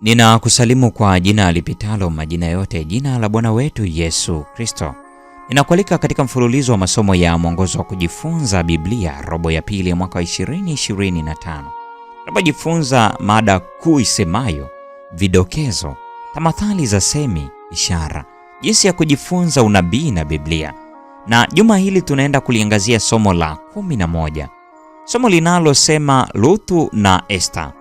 Ninakusalimu kwa jina lipitalo majina yote, jina la Bwana wetu Yesu Kristo. Ninakualika katika mfululizo wa masomo ya mwongozo wa kujifunza Biblia, robo ya pili ya mwaka wa 2025. Tunapojifunza mada kuu isemayo vidokezo, tamathali za semi, ishara, jinsi ya kujifunza unabii na Biblia. Na juma hili tunaenda kuliangazia somo la 11, somo linalosema Ruthu na Esta.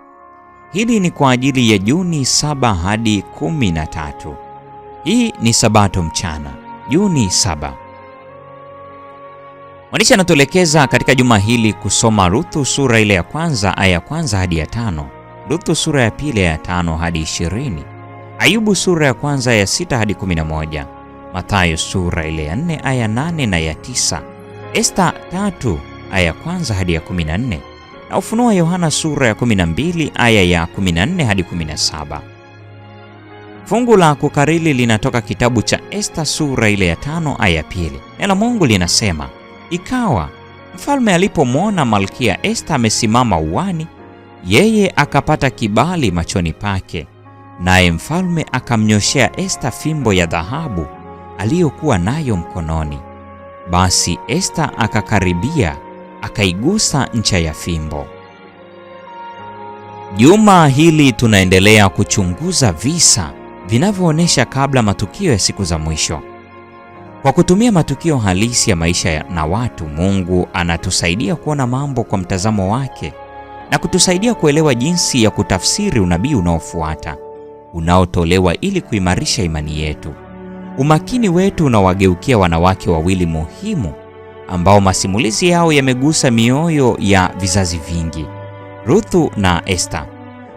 Hili ni kwa ajili ya Juni 7 hadi 13. Hii ni Sabato mchana, Juni 7. Mwandishi anatuelekeza katika juma hili kusoma Ruthu sura ile ya kwanza aya ya kwanza hadi ya tano, Ruthu sura ya pili ya tano hadi ishirini, Ayubu sura ya kwanza ya sita hadi 11, Mathayo sura ile ya 4 aya nane na ya tisa, Esta 3 aya ya kwanza hadi ya 14 na Ufunuo Yohana sura ya 12 aya ya 14 hadi 17. Fungu la kukarili linatoka kitabu cha Esta sura ile ya tano aya pili. Neno Mungu linasema, ikawa mfalme alipomwona Malkia Esta amesimama uwani, yeye akapata kibali machoni pake, naye mfalme akamnyoshea Esta fimbo ya dhahabu aliyokuwa nayo mkononi. Basi Esta akakaribia akaigusa ncha ya fimbo. Juma hili tunaendelea kuchunguza visa vinavyoonyesha kabla matukio ya siku za mwisho. Kwa kutumia matukio halisi ya maisha na watu, Mungu anatusaidia kuona mambo kwa mtazamo wake na kutusaidia kuelewa jinsi ya kutafsiri unabii unaofuata unaotolewa ili kuimarisha imani yetu. Umakini wetu unawageukia wanawake wawili muhimu ambao masimulizi yao yamegusa mioyo ya vizazi vingi. Ruthu na Esta.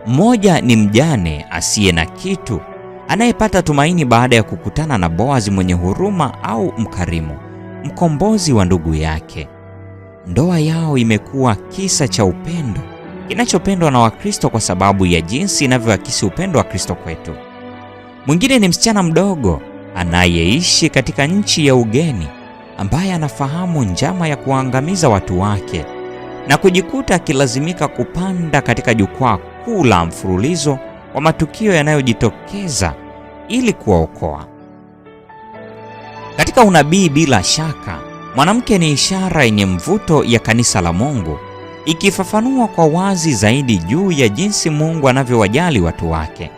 Mmoja ni mjane asiye na kitu anayepata tumaini baada ya kukutana na Boazi mwenye huruma au mkarimu, mkombozi wa ndugu yake. Ndoa yao imekuwa kisa cha upendo kinachopendwa na Wakristo kwa sababu ya jinsi inavyoakisi upendo wa Kristo kwetu. Mwingine ni msichana mdogo anayeishi katika nchi ya ugeni ambaye anafahamu njama ya kuwaangamiza watu wake na kujikuta akilazimika kupanda katika jukwaa kuu la mfululizo wa matukio yanayojitokeza ili kuwaokoa. Katika unabii, bila shaka, mwanamke ni ishara yenye mvuto ya kanisa la Mungu, ikifafanua kwa wazi zaidi juu ya jinsi Mungu anavyowajali watu wake.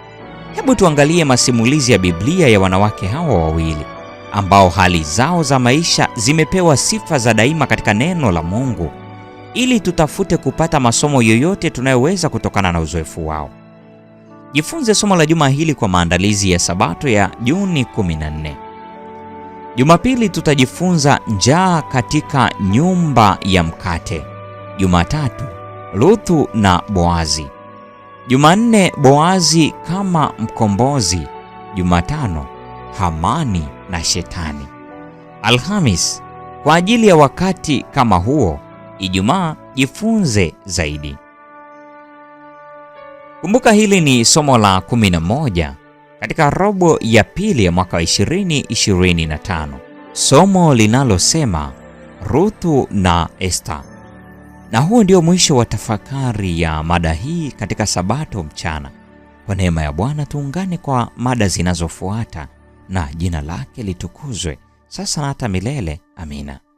Hebu tuangalie masimulizi ya Biblia ya wanawake hawa wawili ambao hali zao za maisha zimepewa sifa za daima katika neno la Mungu ili tutafute kupata masomo yoyote tunayoweza kutokana na uzoefu wao. Jifunze somo la juma hili kwa maandalizi ya Sabato ya Juni 14. Jumapili tutajifunza njaa katika nyumba ya mkate. Jumatatu, Ruthu na Boazi. Jumanne, Boazi kama mkombozi. Jumatano, Hamani na Shetani. Alhamis, kwa ajili ya wakati kama huo. Ijumaa, jifunze zaidi. Kumbuka hili ni somo la 11 katika robo ya pili ya mwaka wa 2025. Somo linalosema Ruthu na Esta. Na huo ndio mwisho wa tafakari ya mada hii katika Sabato mchana. Kwa neema ya Bwana tuungane kwa mada zinazofuata na jina lake litukuzwe sasa na hata milele. Amina.